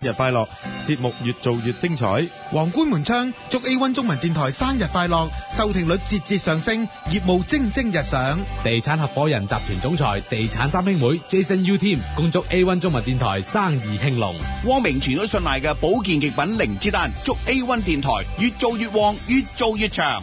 日快樂！節目越做越精彩。皇冠門窗祝 A One 中文電台生日快樂，收聽率節節上升，業務蒸蒸日上。地產合伙人集團總裁、地產三兄妹 Jason U Team 恭祝 A One 中文電台生意興隆。汪明荃都信賴嘅保健極品靈芝丹，祝 A One 電台越做越旺，越做越長。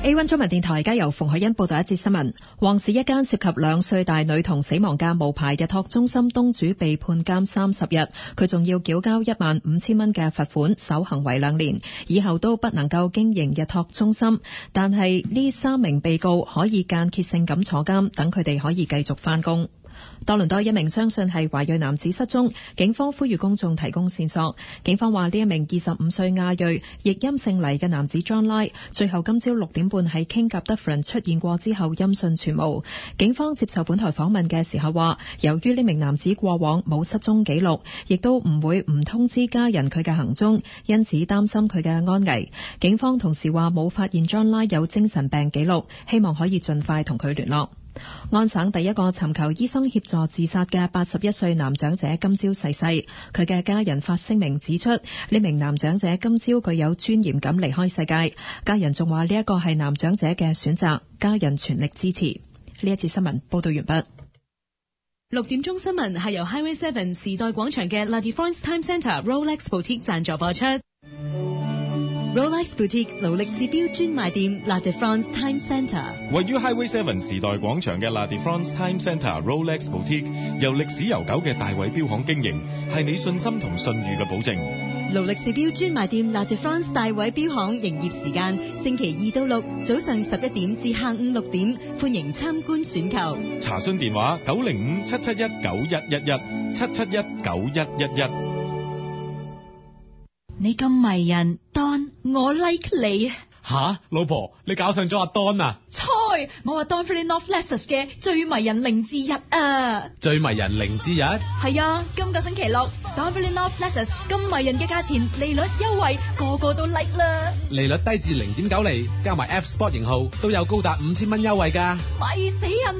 A one 中文電台，而家由馮海欣報道一節新聞：旺市一間涉及兩歲大女童死亡嘅無牌日托中心東主被判監三十日，佢仲要繳交一萬五千蚊嘅罰款，守行為兩年，以後都不能夠經營日托中心。但係呢三名被告可以間歇性咁坐監，等佢哋可以繼續返工。多倫多一名相信係華裔男子失蹤，警方呼籲公眾提供線索。警方話呢一名二十五歲亞裔，亦音姓黎嘅男子 John Lai 最後今朝六點半喺 Kingdale 出現過之後，音訊全無。警方接受本台訪問嘅時候話，由於呢名男子過往冇失蹤記錄，亦都唔會唔通知家人佢嘅行蹤，因此擔心佢嘅安危。警方同時話冇發現 John Lai 有精神病記錄，希望可以盡快同佢聯絡。安省第一個尋求醫生協助自殺嘅八十一歲男長者今朝逝世，佢嘅家人發聲明指出，呢名男長者今朝具有尊嚴咁離開世界，家人仲話呢一個係男長者嘅選擇，家人全力支持。呢一次新聞報道完畢。六點鐘新聞係由 Highway Seven 時代廣場嘅 Ladies Times Centre Rolex Boutique 贊助播出。Rolex boutique 勞力士錶專賣店 Lad Franz Time Centre，位於 Highway Seven 時代廣場嘅 Lad Franz Time Centre Rolex boutique 由歷史悠久嘅大偉錶行經營，係你信心同信譽嘅保證。勞力士錶專賣店 Lad Franz 大偉錶行營業時間，星期二到六早上十一點至下午六點，歡迎參觀選購。查詢電話九零五七七一九一一一七七一九一一一。你咁迷人，當我 like 你。吓，老婆，你搞上咗阿當啊？我話 Don Valley North Lexus 嘅最迷人零之日啊，最迷人零之日係啊，今個星期六 Don Valley North Lexus 咁迷人嘅價錢，利率優、優惠個個都 like 啦，利率低至零點九厘，加埋 F Sport 型號都有高達五千蚊優惠噶，買死人！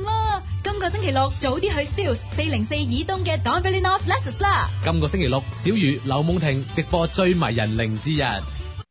今個星期六早啲去 Steeles 四零四以東嘅 Don Valley North Lexus 啦，今個星期六小雨、劉夢婷直播最迷人零之日。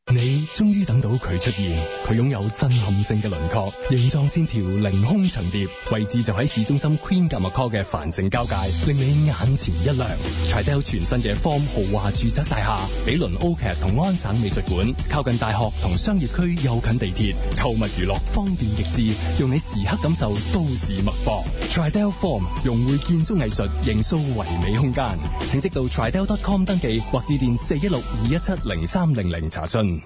你終於等到佢出現，佢擁有震撼性嘅輪廓，形狀線條凌空層疊，位置就喺市中心 Queen 夾 McCaul 嘅繁盛交界，令你眼前一亮。Tridel 全新嘅 Form 豪華住宅大廈，毗鄰 OCAD 同安省美術館，靠近大學同商業區，又近地鐵，購物娛樂方便極致，讓你時刻感受都市脈搏。Tridel Form 融匯建築藝術營塑唯美空間，請即到 Tridel.com 登記或致電四一六二一七零三零零查詢。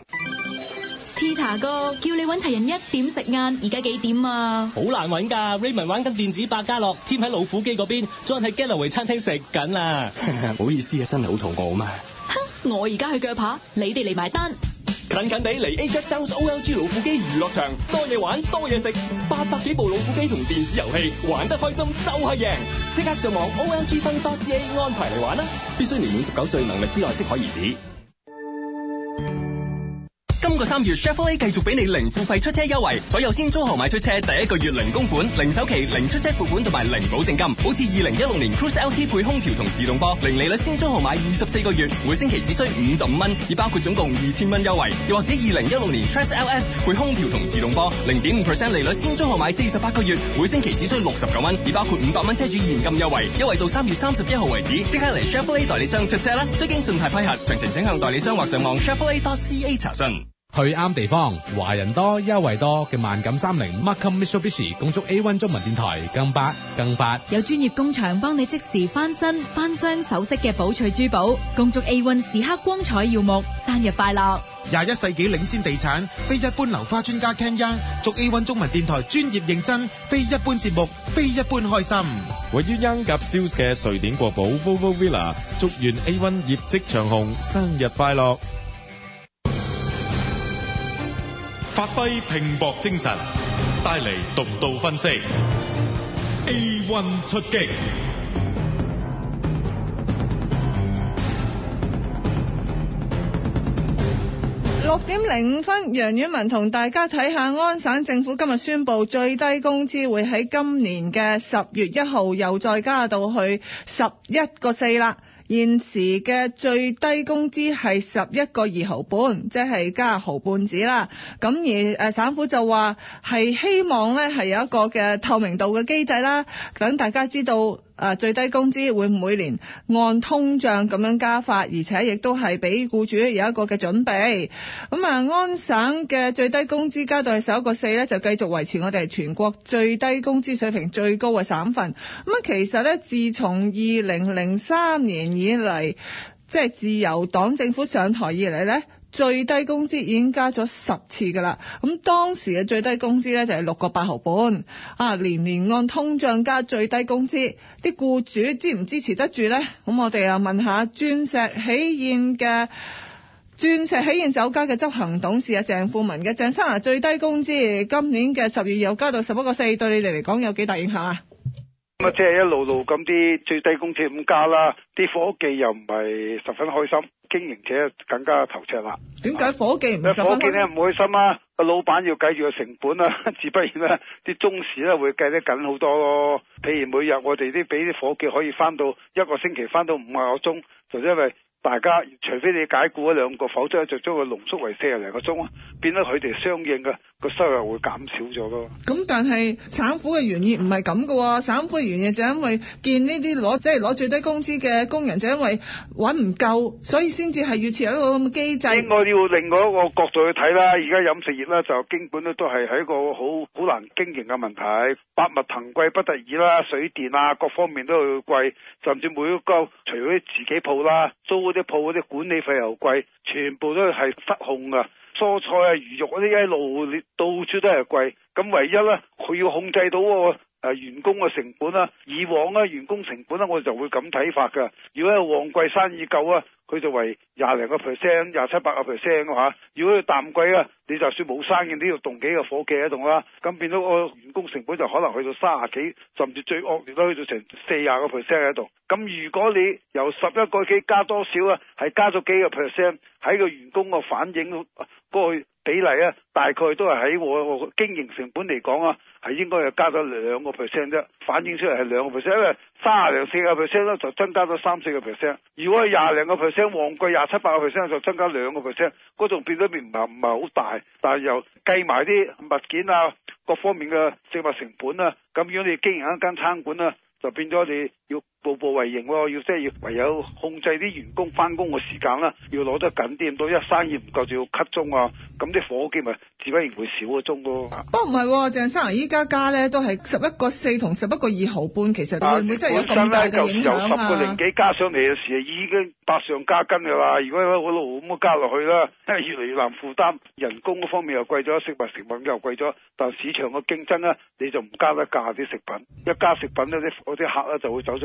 Peter 哥，叫你揾齊人一點食晏，而家幾點啊？好難揾噶，Raymond 玩緊電子百家樂，添喺老虎機嗰邊，仲喺 Galleria 餐廳食緊啦。唔 好意思啊，真係好肚餓啊嘛。 我而家去鋸扒，你哋嚟埋單。近近地嚟 Ajax OLG 老虎機娛樂場，多嘢玩，多嘢食，八百幾部老虎機同電子遊戲，玩得開心就係、是、贏。即刻上網 OLG Fun c a 安排嚟玩啦，必須年滿十九歲，能力之內適可以而止。三月 Chevrolet 繼續俾你零付費出車優惠，所有先租後買出車，第一個月零公款、零首期、零出車付款同埋零保證金。好似二零一六年 Cruze LT 配空調同自動波，零利率先租後買二十四個月，每星期只需五十五蚊，已包括總共二千蚊優惠。又或者二零一六年 Trax LS 配空調同自動波，零點五 percent 利率先租後買四十八個月，每星期只需六十九蚊，已包括五百蚊車主現金優惠，優惠到三月三十一號為止。即刻嚟 Chevrolet 代理商出車啦，需經信貸批核，詳情請向代理商或上網 chevrolet.ca 查詢。去啱地方，華人多，優惠多嘅萬錦三菱，Markham Mitsubishi，恭祝 A One 中文電台更白。更百。有專業工場幫你即時翻身，翻箱首飾嘅寶翠珠寶，恭祝 A One 時刻光彩耀目，生日快樂。廿一世紀領先地產，非一般流花專家 Ken Yang，祝 A One 中文電台專業認真，非一般節目，非一般開心。位於 Yonge 及 Steeles 的瑞典國寶 Volvo Villa，祝願 A One 業績長虹。生日快樂。發揮拼搏精神，帶嚟獨到分析。A1 出擊，六點零五分，楊婉文同大家睇下，安省政府今日宣布最低工資會喺今年嘅十月一號又再加到去十一個四啦。現時嘅最低工資係十一個二毫半，即係加毫半紙啦。咁而誒省府就話係希望咧係有一個嘅透明度嘅機制啦，等大家知道。啊，最低工資會每年按通脹咁樣加法，而且亦都係俾僱主有一個嘅準備。咁啊，安省嘅最低工資加到係十一個四呢，就繼續維持我哋全國最低工資水平最高嘅省份。咁啊，其實呢，自從二零零三年以嚟，即係自由黨政府上台以嚟呢。最低工資已經加咗十次噶啦，咁當時嘅最低工資呢，就係六個八毫半，啊，年年按通脹加最低工資，啲僱主支唔支持得住呢？咁我哋又問一下鑽石喜宴嘅鑽石喜宴酒家嘅執行董事啊鄭富民嘅，鄭生啊，最低工資今年嘅十月又加到十一個四，對你哋嚟講有幾大影響啊？咁即係一路路咁啲最低工資五加啦，啲伙計又唔係十分開心，經營者更加頭赤啦。點解伙計唔？伙計咧唔開心啊！個老闆要計住個成本啊，自不然咧啲中時咧會計得緊好多咯。譬如每日我哋啲俾啲伙計可以翻到一個星期翻到五廿個鐘，就因為。大家除非你解雇嗰兩個，否則就將佢濃縮為四十零個鐘，變得佢哋相應嘅個收入會減少咗咯。咁但係省府嘅原意唔係咁嘅喎，省府嘅原意就因為見呢啲攞即係攞最低工資嘅工人就因為揾唔夠，所以先至係要設一個咁嘅機制。應該要另外一個角度去睇啦。而家飲食業咧就基本咧都係喺一個好好難經營嘅問題，百物騰貴不得已啦，水電啊各方面都會貴，甚至每個除咗自己鋪啦、啊、租。啲鋪嗰啲管理費又貴，全部都係失控噶。蔬菜啊、魚肉嗰啲一路到處都係貴。咁唯一咧，佢要控制到個誒員工嘅成本啦。以往咧、啊，員工成本咧，我就會咁睇法噶。如果係旺季生意夠啊。佢就為廿零個 percent，廿七百個 percent 嘅話，如果你淡季啊，你就算冇生意，都要動幾個伙計喺度啦，咁變咗個員工成本就可能去到三十幾，甚至最惡劣都去到成四十個 percent 喺度。咁如果你由十一個幾加多少啊？係加咗幾個 percent 喺個員工個反應過去。比例啊，大概都係喺我，我的經營成本嚟講啊，係應該係加咗兩個 percent 啫，反映出嚟係兩個 percent，因為卅零四個 percent 咧就增加咗三四個 percent，如果係廿零個 percent 旺季廿七八個 percent 就增加兩個 percent，嗰種變咗變唔係唔係好大，但係又計埋啲物件啊各方面嘅食物成本啊，咁樣你經營一間餐館啊，就變咗你。要步步為營喎，要即係要唯有控制啲員工翻工嘅時間啦，要攞得緊啲到一生意唔夠就要 cut 鐘啊，咁啲伙計咪自不然會少個鐘咯。不唔係、啊，鄭生依家加咧都係十一個四同十一個二毫半，其實會唔會真係有咁大嘅影響啊？本身咧就由十個零幾加上嚟嘅時候已經百上加斤嘅啦，如果喺嗰度咁加落去啦，越嚟越難負擔，人工嗰方面又貴咗，食物食品又貴咗，但市場嘅競爭咧你就唔加得價啲食品，一加食品啲嗰啲客咧就會走。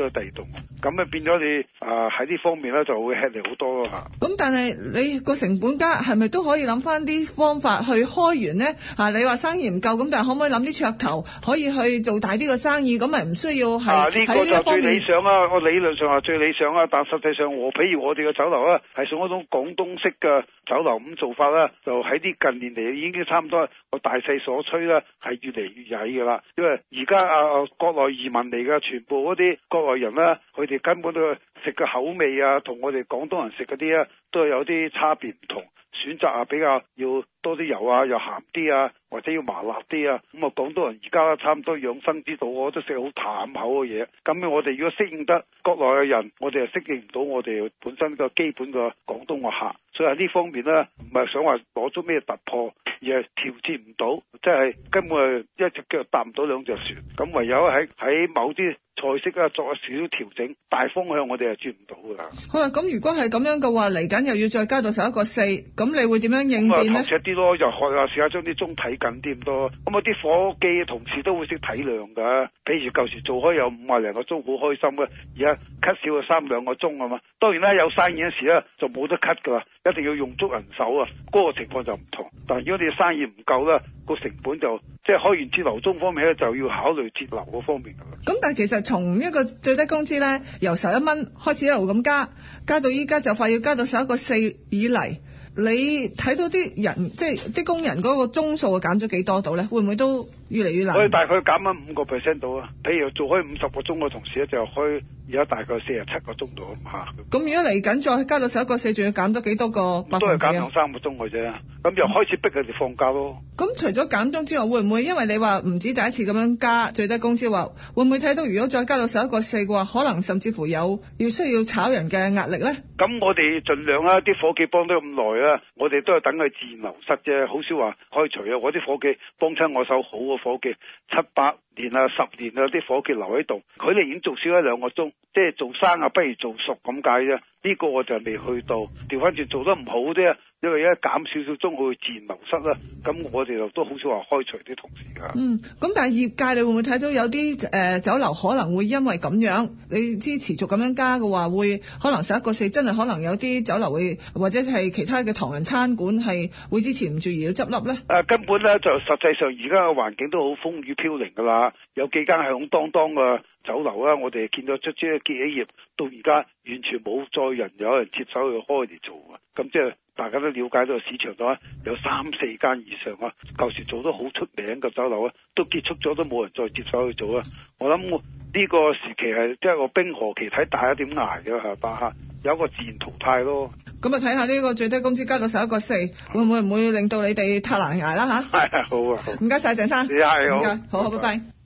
咁啊變咗你啊喺呢方面咧就會吃力好多啦嚇。咁但係你個成本加係咪都可以諗翻啲方法去開源呢？嚇、啊？你話生意唔夠咁，但係可唔可以諗啲噱頭可以去做大啲個生意咁咪唔需要係喺呢一方面？呢個就最理想啊！我理論上話最理想啊，但實際上我比如我哋嘅酒樓啊，係送一種廣東式嘅酒樓咁做法啦、啊，就喺啲近年嚟已經差唔多我大勢所趨啦，係越嚟越曳㗎啦。因為而家啊啊國內移民嚟嘅全部嗰啲外人啦，佢哋根本都。食嘅口味啊，同我哋廣東人食嗰啲啊，都係有啲差別唔同。選擇啊，比較要多啲油啊，又鹹啲啊，或者要麻辣啲啊。咁啊，廣東人而家差唔多養生之道，我都食好淡口嘅嘢。咁我哋如果適應得國內嘅人，我哋係適應唔到我哋本身個基本嘅廣東個客。所以喺呢方面咧，唔係想話攞咗咩突破，而係調節唔到，即係根本係一隻腳搭唔到兩隻船。咁唯有喺喺某啲菜式啊作少少調整，大方向我哋。誒轉唔到㗎。好啦，咁如果係咁樣嘅話，嚟緊又要再加到十一個四，咁你會點樣應變呢？學啲、嗯、咯，就學下試下將啲鐘睇緊啲咁多。咁啊，啲夥計同事都會識體諒㗎。譬如舊時做開有五啊零個鐘，好開心嘅。而家 cut 少啊三兩個鐘啊嘛。當然啦，有生意嗰時咧就冇得 cut 㗎啦，一定要用足人手啊。嗰、那個情況就唔同。但係如果你生意唔夠咧，個成本就即係開源節流，鐘方面咧就要考慮節流嗰方面㗎啦。咁但係其實從一個最低工資咧，由十一蚊。開始一路咁加，加到依家就快要加到十一個四以嚟。你睇到啲人，即係啲工人嗰個鐘數減咗幾多度咧？會唔會都？越嚟越難，所以大概減咗五個 percent 到啊。譬如做開五十個鐘嘅同事咧，就開而家大概四十七個鐘到吓。咁如果嚟緊再加到十一個四，仲要減多幾多個百分？都係減兩三個鐘嘅啫。咁、嗯、又開始逼佢哋放假咯。咁除咗減鐘之外，會唔會因為你話唔止第一次咁樣加最低工資？話會唔會睇到如果再加到十一個四嘅話，可能甚至乎有要需要炒人嘅壓力咧？咁我哋盡量啊，啲伙計幫得咁耐啊。我哋都係等佢自然流失啫，好少話開除啊！我啲伙計幫親我手好啊。伙計七百年啊，十年啊，啲伙計留喺度，佢哋已經做少一兩個鐘，即係做生啊，不如做熟咁解啫。呢、這個我就未去到，調翻轉，做得唔好啫。因為而家減少少，中會自然流失啦。咁我哋就都好少話開除啲同事噶。嗯，咁但係業界你會唔會睇到有啲誒、呃、酒樓可能會因為咁樣，你啲持續咁樣加嘅話會，會可能十一個四真係可能有啲酒樓會，或者係其他嘅唐人餐館係會支持唔住而要執笠咧？誒、啊，根本咧就實際上而家嘅環境都好風雨飄零噶啦。有幾間響噹噹嘅酒樓啊！我哋見到出咗幾企業，到而家完全冇再人有人接手去開嚟做啊！咁即係大家都了解到市場度有三四間以上啊，舊時做得好出名嘅酒樓啊，都結束咗都冇人再接手去做啊。我諗呢個時期係即係個冰河期，睇大家點捱嘅係吧？吓，有個自然淘汰咯。咁啊，睇下呢個最低工資加到十一個四，會唔會唔會令到你哋太難捱啦？吓，係係， 好啊好，好唔該晒鄭生，唔該好，好好， 拜拜。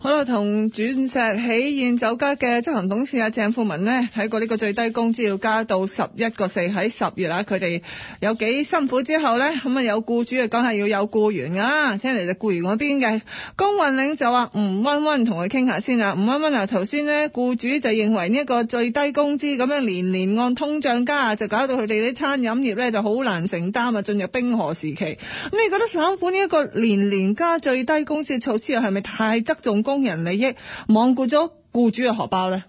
好啦，同鑽石喜宴酒家嘅執行董事阿鄭富文呢，睇過呢個最低工資要加到十一個四喺十月啦。佢哋有幾辛苦之後呢，咁啊有僱主啊講下要有僱員，請僱員溫溫談談溫溫啊，聽嚟就僱員嗰邊嘅工運領袖就話：「吳溫溫同佢傾下先啊，吳溫溫。啊，頭先呢，僱主就認為呢個最低工資咁樣年年按通脹加就搞到佢哋啲餐飲業呢就好難承擔啊，進入冰河時期。咁你覺得省府呢一個年年加最低工資嘅措施係咪太側重？工人利益罔顧咗僱主嘅荷包呢？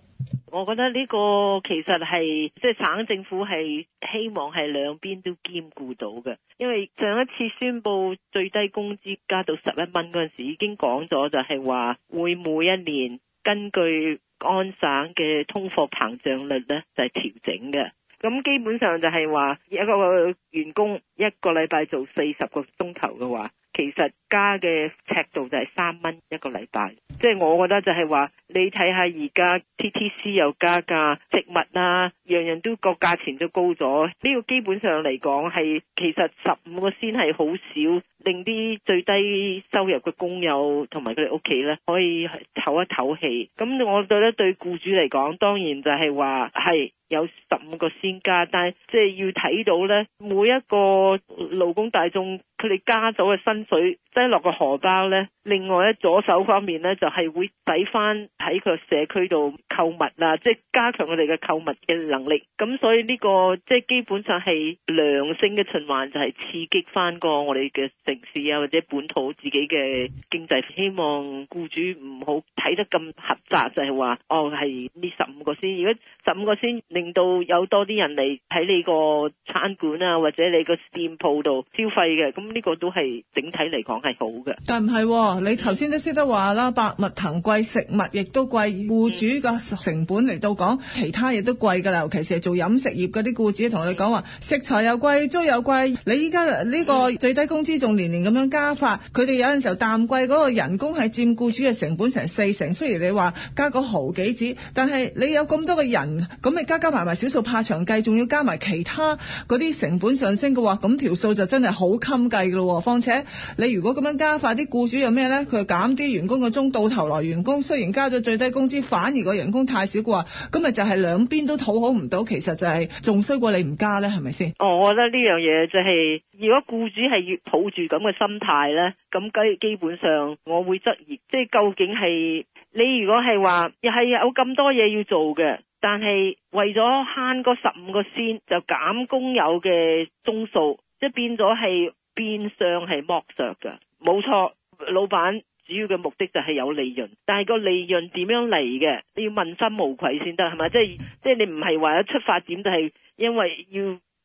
我覺得呢個其實係即係省政府係希望係兩邊都兼顧到嘅，因為上一次宣布最低工資加到十一蚊嗰陣時，已經講咗就係話會每一年根據安省嘅通貨膨脹率呢，就係、是、調整嘅。咁基本上就係話一個員工一個禮拜做四十個鐘頭嘅話。其實加嘅尺度就係三蚊一個禮拜，即係我覺得就係話你睇下而家 T T C 又加價，食物啦、啊，樣樣都個價錢都高咗。呢個基本上嚟講係其實十五個先係好少，令啲最低收入嘅工友同埋佢哋屋企咧可以唞一唞氣。咁我覺得對僱主嚟講，當然就係話係有十五個先加，但係即係要睇到咧每一個勞工大眾。佢哋加咗嘅薪水擠落個荷包咧，另外咧左手方面咧就係會抵翻喺個社區度購物啊，即係加強佢哋嘅購物嘅能力。咁所以呢個即係基本上係良性嘅循環就係刺激翻個我哋嘅城市啊，或者本土自己嘅經濟，希望雇主唔好睇得咁狹窄，就係話哦係呢十五個先。如果十五個先令到有多啲人嚟喺你個餐館啊，或者你個店鋪度消費嘅咁。呢個都係整體嚟講係好嘅，但唔係、哦，你頭先都識得話啦，百物騰貴，食物亦都貴，僱主嘅成本嚟到講，嗯、其他嘢都貴噶啦，尤其是係做飲食業嗰啲僱主，同、嗯、你講講話食材又貴租又貴，你依家呢個最低工資仲年年咁樣加法，佢哋、嗯、有陣時候淡季嗰、嗰個人工係佔僱主嘅成、成本成四成，雖然你話加個毫幾紙，但係你有咁多個人，咁你加加埋埋少數怕長計仲要加埋其他嗰啲成本上升嘅話，咁、嗰、條、個、數就真係好襟噶。係咯，況且你如果咁樣加快啲，僱主有咩呢？佢減啲員工嘅鐘，到頭來員工雖然加咗最低工資，反而個人工太少啩？咁咪就係兩邊都討好唔到，其實就係仲衰過你唔加呢？係咪先？我覺得呢樣嘢就係、是、如果僱主係抱住咁嘅心態呢，咁基本上我會質疑，即係究竟係你如果係話又係有咁多嘢要做嘅，但係為咗慳個十五個先，就減工友嘅鐘數，即係變咗係。變相係剝削嘅，冇錯。老闆主要嘅目的就係有利潤，但係個利潤點樣嚟嘅？你要問心無愧先得，係咪？即係即係你唔係話一出發點就係、是、因為要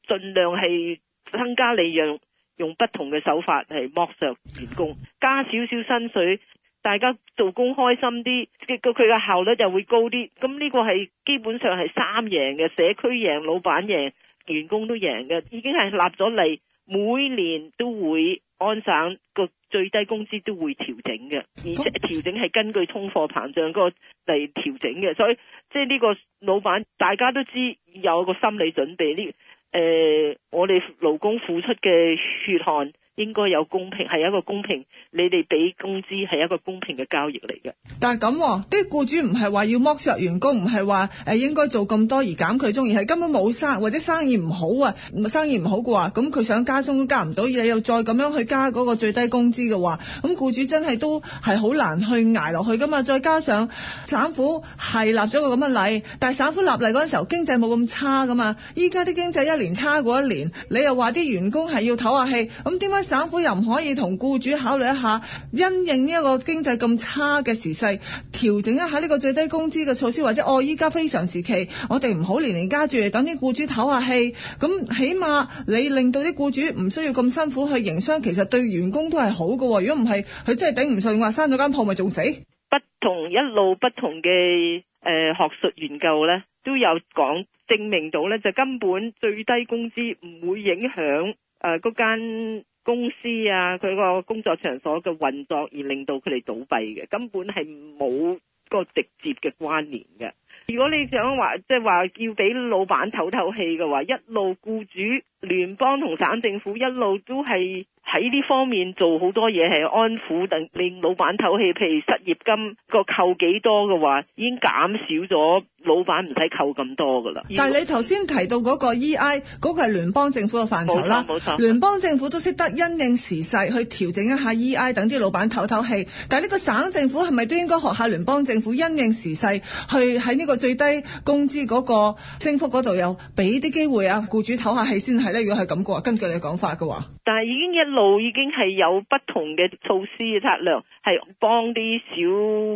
盡量係增加利潤，用不同嘅手法係剝削員工，加少少薪水，大家做工開心啲，佢佢嘅效率就會高啲。咁呢個係基本上係三贏嘅，社區贏，老闆贏，員工都贏嘅，已經係立咗利。每年都會安省個最低工資都會調整嘅，而且調整係根據通貨膨脹個嚟調整嘅，所以即係呢個老闆大家都知有一個心理準備呢誒、呃，我哋勞工付出嘅血汗。應該有公平，係一個公平。你哋俾工資係一個公平嘅交易嚟嘅。但係咁啲僱主唔係話要剝削員工，唔係話誒應該做咁多而減佢中，而係根本冇生或者生意唔好啊，生意唔好嘅話，咁佢想加薪都加唔到，你又再咁樣去加嗰個最低工資嘅話，咁僱主真係都係好難去捱落去噶嘛。再加上省府係立咗個咁嘅例，但係省府立例嗰陣時候經濟冇咁差噶嘛。依家啲經濟一年差過一年，你又話啲員工係要唞下氣，咁點解？省府又唔可以同僱主考慮一下，因應呢一個經濟咁差嘅時勢，調整一下呢個最低工資嘅措施，或者哦，依家非常時期，我哋唔好年年加住，等啲僱主唞下氣。咁起碼你令到啲僱主唔需要咁辛苦去營商，其實對員工都係好嘅。如果唔係，佢真係頂唔順，話閂咗間鋪咪仲死。不同一路不同嘅誒學術研究呢，都有講證明到呢，就根本最低工資唔會影響誒嗰間。公司啊，佢個工作場所嘅運作而令到佢哋倒閉嘅，根本係冇個直接嘅關聯嘅。如果你想話，即係話要俾老闆透透氣嘅話，一路雇主、聯邦同省政府一路都係。喺呢方面做好多嘢，係安撫等令老闆唞氣，譬如失業金個扣幾多嘅話，已經減少咗，老闆唔使扣咁多噶啦。但係你頭先提到嗰個 EI，嗰個係聯邦政府嘅範疇啦，冇錯，聯邦政府都識得因應時勢去調整一下 EI，等啲老闆唞唞氣。但係呢個省政府係咪都應該學下聯邦政府因應時勢去喺呢個最低工資嗰個升幅嗰度，有俾啲機會啊，僱主唞下氣先係咧？如果係咁嘅話，根據你講法嘅話，但係已經一。一路已經係有不同嘅措施嘅策略，係幫啲小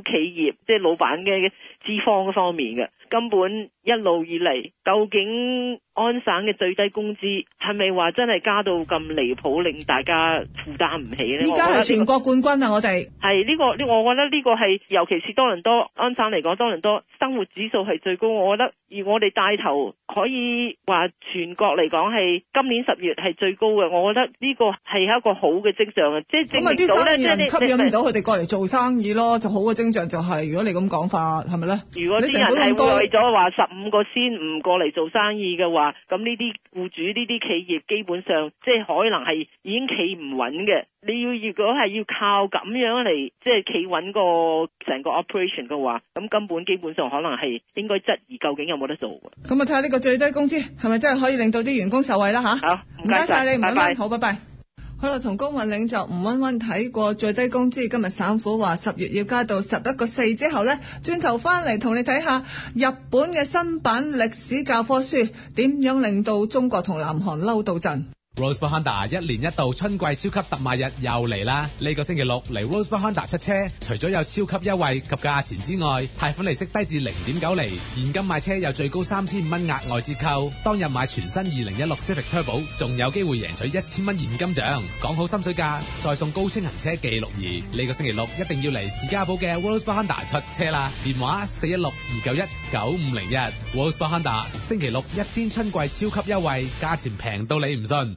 企業，即、就、係、是、老闆嘅資方方面嘅，根本一路以嚟。究竟安省嘅最低工資係咪話真係加到咁離譜令大家負擔唔起咧？而家係全國冠軍啊！我哋係呢個呢、這個、我覺得呢個係尤其是多倫多安省嚟講，多倫多生活指數係最高。我覺得而我哋帶頭可以話，全國嚟講係今年十月係最高嘅。我覺得呢個係一個好嘅跡象啊！即、就、係、是、證明那那吸咧，吸引唔到佢哋過嚟做生意咯，就好嘅徵象就係、是、如果你咁講法，係咪咧？如果啲人係為咗話十五個先唔過嚟做生意嘅話，咁呢啲僱主呢啲企業基本上即係可能係已經企唔穩嘅。你要如果係要靠咁樣嚟即係企穩個成個 operation 嘅話，咁根本基本上可能係應該質疑究竟有冇得做。咁啊睇下呢個最低工資係咪真係可以令到啲員工受惠啦吓？啊、好，唔該晒你，唔該，好，拜拜。好啦，同工運領袖吳溫溫睇過最低工資，今日省府話十月要加到十一個四之後咧，轉頭翻嚟同你睇下日本嘅新版歷史教科書點樣令到中國同南韓嬲到震。Rosebud Honda 一年一度春季超級特賣日又嚟啦！呢、這個星期六嚟 Rosebud Honda 出車，除咗有超級優惠及價錢之外，貸款利息低至零點九厘，現金買車有最高三千五蚊額外折扣，當日買全新二零一六 Civic Turbo 仲有機會贏取一千蚊現金獎。講好心水價，再送高清行車記錄儀。呢、這個星期六一定要嚟士嘉堡嘅 Rosebud Honda 出車啦！電話四一六二九一九五零一。Rosebud Honda 星期六一天春季超級優惠，價錢平到你唔信。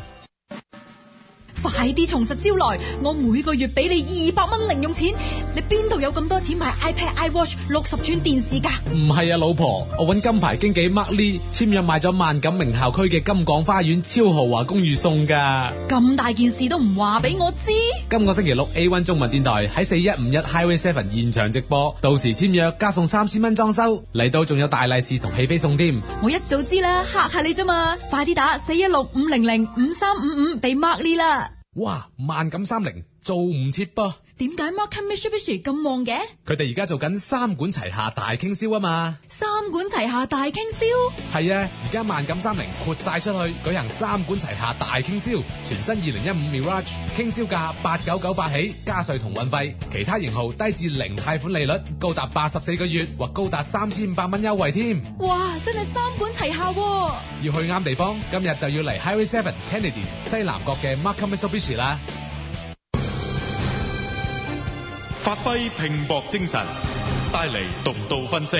快啲從實招來！我每個月俾你二百蚊零用錢，你邊度有咁多錢買 iPad、iWatch、六十寸電視噶？唔係啊，老婆，我揾金牌經紀 Mark Lee 簽約買咗萬錦名校區嘅金港花園超豪華公寓送噶。咁大件事都唔話俾我知？今個星期六 A One 中文電台喺四一五一 Highway Seven 現場直播，到時簽約加送三千蚊裝修，嚟到仲有大利是同戲飛送添。我一早知啦，嚇下你啫嘛！快啲打四一六五零零五三五五俾 Mark Lee 啦。5哇！萬錦三零。做唔切噃？點解 Markham Mitsubishi 咁旺嘅？佢哋而家做緊三管齊下大傾銷啊嘛！三管齊下大傾銷，係啊！而家萬錦三零豁晒出去，舉行三管齊下大傾銷，全新二零一五 Mirage，傾銷價八九九八起，加稅同運費，其他型號低至零貸款利率，高達八十四個月，或高達三千五百蚊優惠添。哇！真係三管齊下、啊，要去啱地方，今日就要嚟 Highway Seven Kennedy 西南角嘅 Markham Mitsubishi 啦。發揮拼搏精神，帶嚟獨到分析。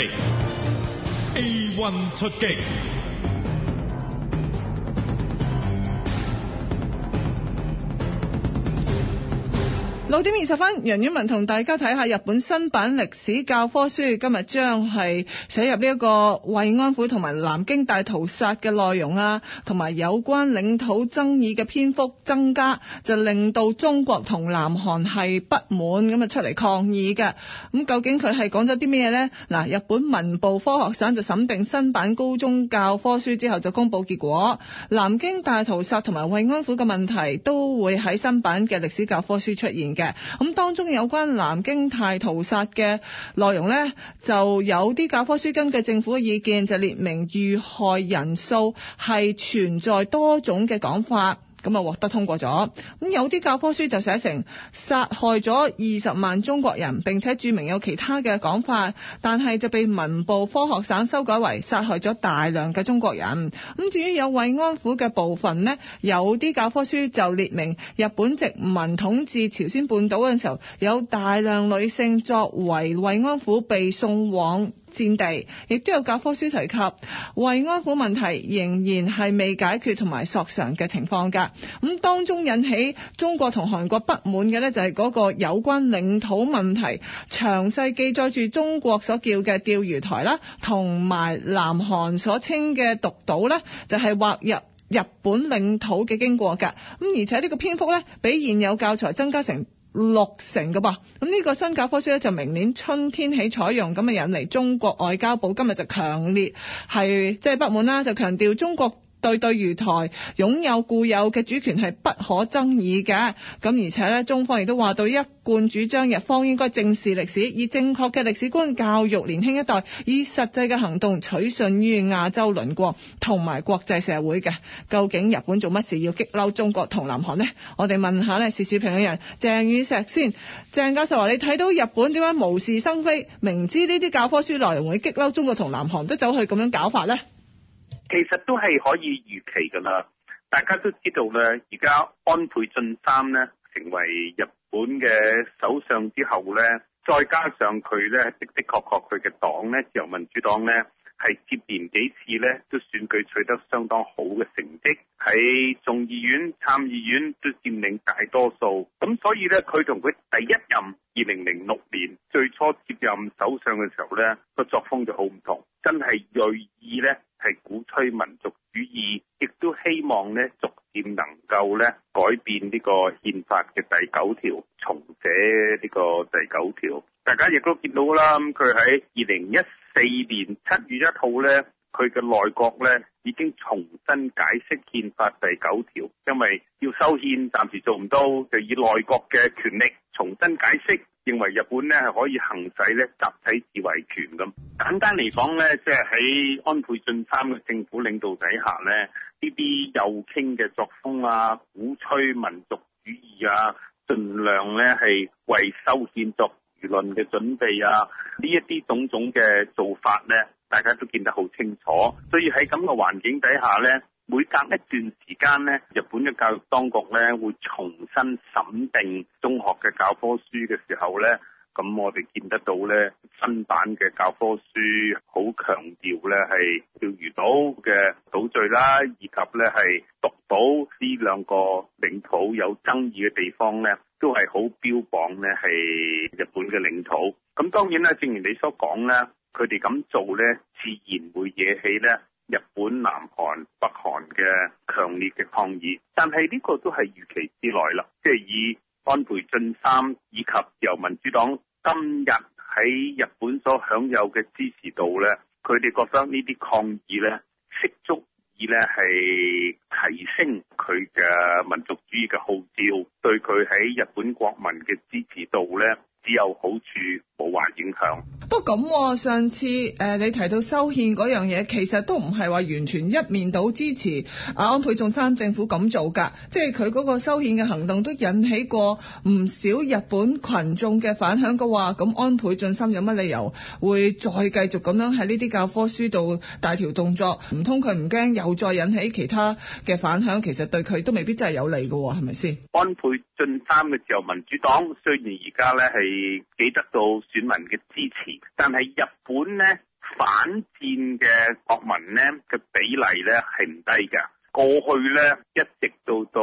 A1 出擊。六點二十分，楊婉文同大家睇下日本新版歷史教科書今日將係寫入呢一個慰安婦同埋南京大屠殺嘅內容啊，同埋有關領土爭議嘅篇幅增加，就令到中國同南韓係不滿咁啊出嚟抗議嘅。咁究竟佢係講咗啲咩呢？嗱，日本文部科學省就審定新版高中教科書之後就公布結果，南京大屠殺同埋慰安婦嘅問題都會喺新版嘅歷史教科書出現嘅。咁當中有關南京大屠殺嘅內容咧，就有啲教科書根據政府嘅意見，就列明遇害人數係存在多種嘅講法。咁啊，就獲得通過咗。咁有啲教科書就寫成殺害咗二十萬中國人，並且註明有其他嘅講法，但係就被文部科學省修改為殺害咗大量嘅中國人。咁至於有慰安婦嘅部分呢，有啲教科書就列明日本殖民統治朝鮮半島嘅時候，有大量女性作為慰安婦被送往。戰地，亦都有教科書提及，慰安婦問題仍然係未解決同埋索償嘅情況㗎。咁當中引起中國同韓國不滿嘅呢，就係嗰個有關領土問題，詳細記載住中國所叫嘅釣魚台啦，同埋南韓所稱嘅獨島咧，就係劃入日本領土嘅經過㗎。咁而且呢個篇幅呢，比現有教材增加成六成㗎噃，咁呢個新教科書咧就明年春天起採用，咁啊引嚟中國外交部今日就強烈係即係不滿啦，就強調中國。對對，如台擁有固有嘅主權係不可爭議嘅，咁而且呢，中方亦都話到一貫主張日方應該正視歷史，以正確嘅歷史觀教育年輕一代，以實際嘅行動取信於亞洲鄰國同埋國際社會嘅。究竟日本做乜事要激嬲中國同南韓呢？我哋問下呢時事評論人鄭宇石先。鄭教授話：「你睇到日本點解無事生非，明知呢啲教科書內容會激嬲中國同南韓，都走去咁樣搞法呢？」其實都係可以預期㗎啦，大家都知道咧，而家安倍晉三咧成為日本嘅首相之後咧，再加上佢咧的的確確佢嘅黨咧自由民主黨咧係接連幾次咧都選舉取得相當好嘅成績，喺眾議院、參議院都佔領大多數，咁所以咧佢同佢第一任二零零六年最初接任首相嘅時候咧個作風就好唔同，真係銳意咧。係鼓吹民族主義，亦都希望咧，逐漸能夠咧改變呢個憲法嘅第九條，重寫呢個第九條。大家亦都見到啦，佢喺二零一四年七月一號咧，佢嘅內閣咧已經重新解釋憲法第九條，因為要修憲暫時做唔到，就以內閣嘅權力重新解釋。認為日本咧係可以行使咧集體自衛權咁簡單嚟講咧，即係喺安倍晉三嘅政府領導底下咧，呢啲右傾嘅作風啊，鼓吹民族主義啊，盡量咧係為修憲作輿論嘅準備啊，呢一啲種種嘅做法咧，大家都見得好清楚，所以喺咁嘅環境底下咧。每隔一段時間咧，日本嘅教育當局咧會重新審定中學嘅教科書嘅時候咧，咁我哋見得到咧，新版嘅教科書好強調咧係釣魚島嘅島嶼啦，以及咧係獨島呢兩個領土有爭議嘅地方咧，都係好標榜咧係日本嘅領土。咁當然咧，正如你所講咧，佢哋咁做咧，自然會惹起咧。日本、南韓、北韓嘅強烈嘅抗議，但係呢個都係預期之內啦。即係以安倍晉三以及自由民主黨今日喺日本所享有嘅支持度呢，佢哋覺得呢啲抗議呢，適足以呢係提升佢嘅民族主義嘅號召，對佢喺日本國民嘅支持度呢，只有好處冇壞影響。不過咁，哦，上次誒，呃、你提到修憲嗰樣嘢，其實都唔係話完全一面倒支持阿安倍晉三政府咁做㗎。即係佢嗰個修憲嘅行動都引起過唔少日本群眾嘅反響，嘅話咁，安倍晉三有乜理由會再繼續咁樣喺呢啲教科書度大條動作？唔通佢唔驚又再引起其他嘅反響？其實對佢都未必真係有利嘅喎，哦，係咪先？安倍晉三嘅時候，民主黨雖然而家咧係。係幾得到選民嘅支持，但係日本呢反戰嘅國民呢嘅比例呢係唔低嘅。過去呢一直到到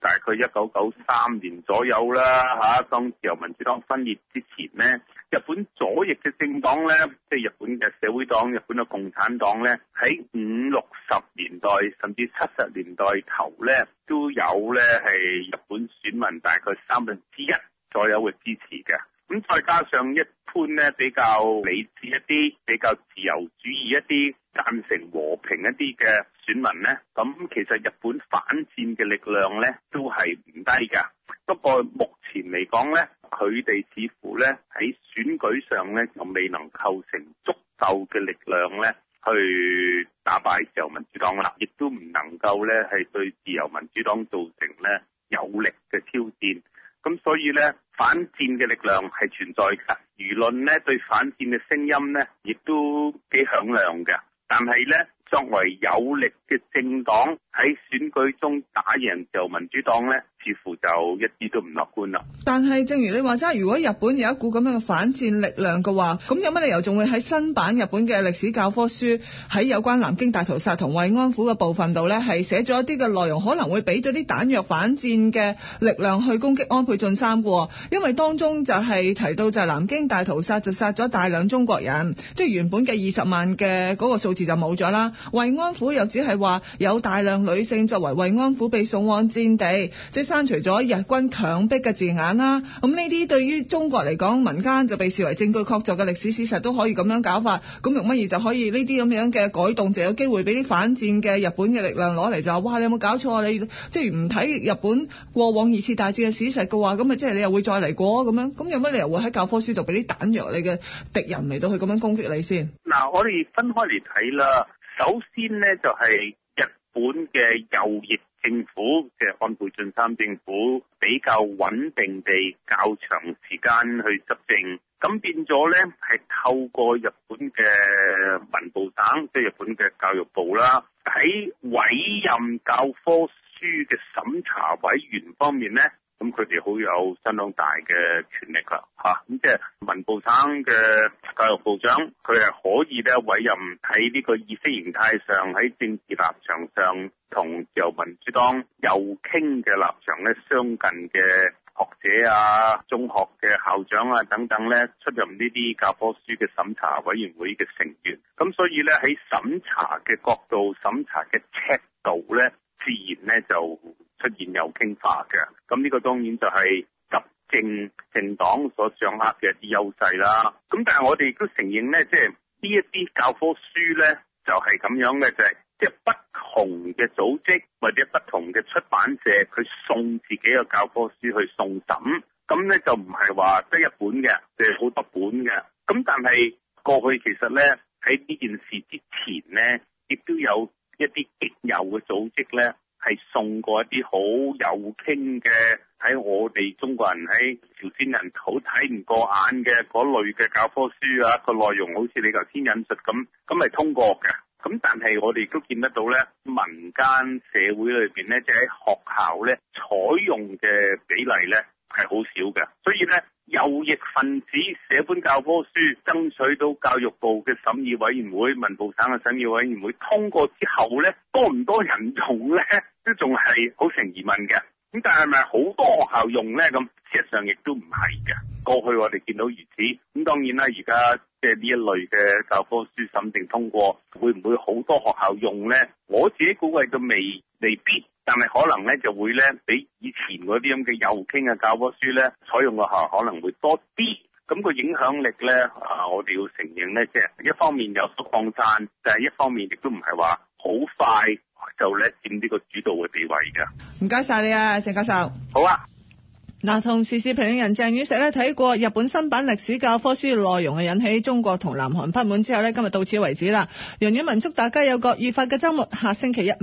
大概一九九三年左右啦，嚇，當自由民主黨分裂之前呢，日本左翼嘅政黨呢，即係日本嘅社會黨、日本嘅共產黨呢，喺五六十年代甚至七十年代頭呢，都有呢係日本選民大概三分之一。所有嘅支持嘅，咁再加上一般咧比較理智一啲，比較自由主義一啲，贊成和平一啲嘅選民咧，咁其實日本反戰嘅力量咧都係唔低噶。不過目前嚟講咧，佢哋似乎咧喺選舉上咧就未能構成足夠嘅力量咧去打敗自由民主黨啦，亦都唔能夠咧係對自由民主黨造成咧有力嘅挑戰。咁所以咧，反戰嘅力量係存在噶。輿論咧，對反戰嘅聲音咧，亦都幾響亮嘅，但係咧，作為有力嘅政黨喺選舉中打贏就民主黨呢，似乎就一啲都唔樂觀啦。但係正如你話齋，如果日本有一股咁樣嘅反戰力量嘅話，咁有乜理由仲會喺新版日本嘅歷史教科書喺有關南京大屠殺同慰安婦嘅部分度呢，係寫咗一啲嘅內容，可能會俾咗啲彈藥反戰嘅力量去攻擊安倍晉三嘅？因為當中就係提到就係南京大屠殺就殺咗大量中國人，即係原本嘅二十萬嘅嗰個數字就冇咗啦。慰安婦又只係話有大量女性作為慰安婦被送往戰地，即係刪除咗日軍強迫嘅字眼啦。咁呢啲對於中國嚟講，民間就被視為證據確鑿嘅歷史史實，都可以咁樣搞法。咁容乜易就可以呢啲咁樣嘅改動，就有機會俾啲反戰嘅日本嘅力量攞嚟就話：哇！你有冇搞錯啊？你即係唔睇日本過往二次大戰嘅史實嘅話，咁啊，即係你又會再嚟過咁樣。咁有乜理由會喺教科書度俾啲彈藥你嘅敵人嚟到去咁樣攻擊你先？嗱，我哋分開嚟睇啦。首先呢，就係、是、日本嘅右翼政府嘅、就是、安倍晉三政府比較穩定地較長時間去執政，咁變咗呢，係透過日本嘅文部省即日本嘅教育部啦，喺委任教科書嘅審查委員方面呢。咁佢哋好有相當大嘅權力啦、啊，吓、啊，咁即係文部省嘅教育部長，佢係可以咧委任喺呢個意識形態上、喺政治立場上同自由民主黨右傾嘅立場咧相近嘅學者啊、中學嘅校長啊等等咧，出任呢啲教科書嘅審查委員會嘅成員。咁所以咧喺審查嘅角度、審查嘅尺度咧，自然咧就～出現又傾化嘅，咁呢個當然就係執政政黨所掌握嘅一啲優勢啦。咁但係我哋亦都承認呢，即係呢一啲教科書呢，就係、是、咁樣嘅，就係即係不同嘅組織或者不同嘅出版社，佢送自己嘅教科書去送審，咁呢就唔係話得一本嘅，即係好多本嘅。咁但係過去其實呢，喺呢件事之前呢，亦都有一啲極右嘅組織呢。係送過一啲好有傾嘅、喺我哋中國人喺朝鮮人好睇唔過眼嘅嗰類嘅教科書啊，個內容好似你頭先引述咁，咁係通過嘅。咁但係我哋都見得到咧，民間社會裏邊咧，即喺學校咧採用嘅比例咧係好少嘅，所以咧。右翼分子寫本教科書，爭取到教育部嘅審議委員會、文部省嘅審議委員會通過之後呢，多唔多人用呢？都仲係好成疑問嘅。咁但係咪好多學校用呢？咁事實上亦都唔係嘅。過去我哋見到如此，咁當然啦。而家即係呢一類嘅教科書審定通過，會唔會好多學校用呢？我自己估計都未未必。但係可能咧就會咧，比以前嗰啲咁嘅右傾嘅教科書咧，採用嘅嚇可能會多啲。咁、那個影響力咧，啊，我哋要承認咧，即係一方面有所擴散，但係一方面亦都唔係話好快就咧佔呢個主導嘅地位㗎。唔該晒你啊，鄭教授。好啊。嗱，同時事評論人鄭宇石咧睇過日本新版歷史教科書內容係引起中國同南韓不滿之後咧，今日到此為止啦。楊宇文祝大家有個愉快嘅周末，下星期一。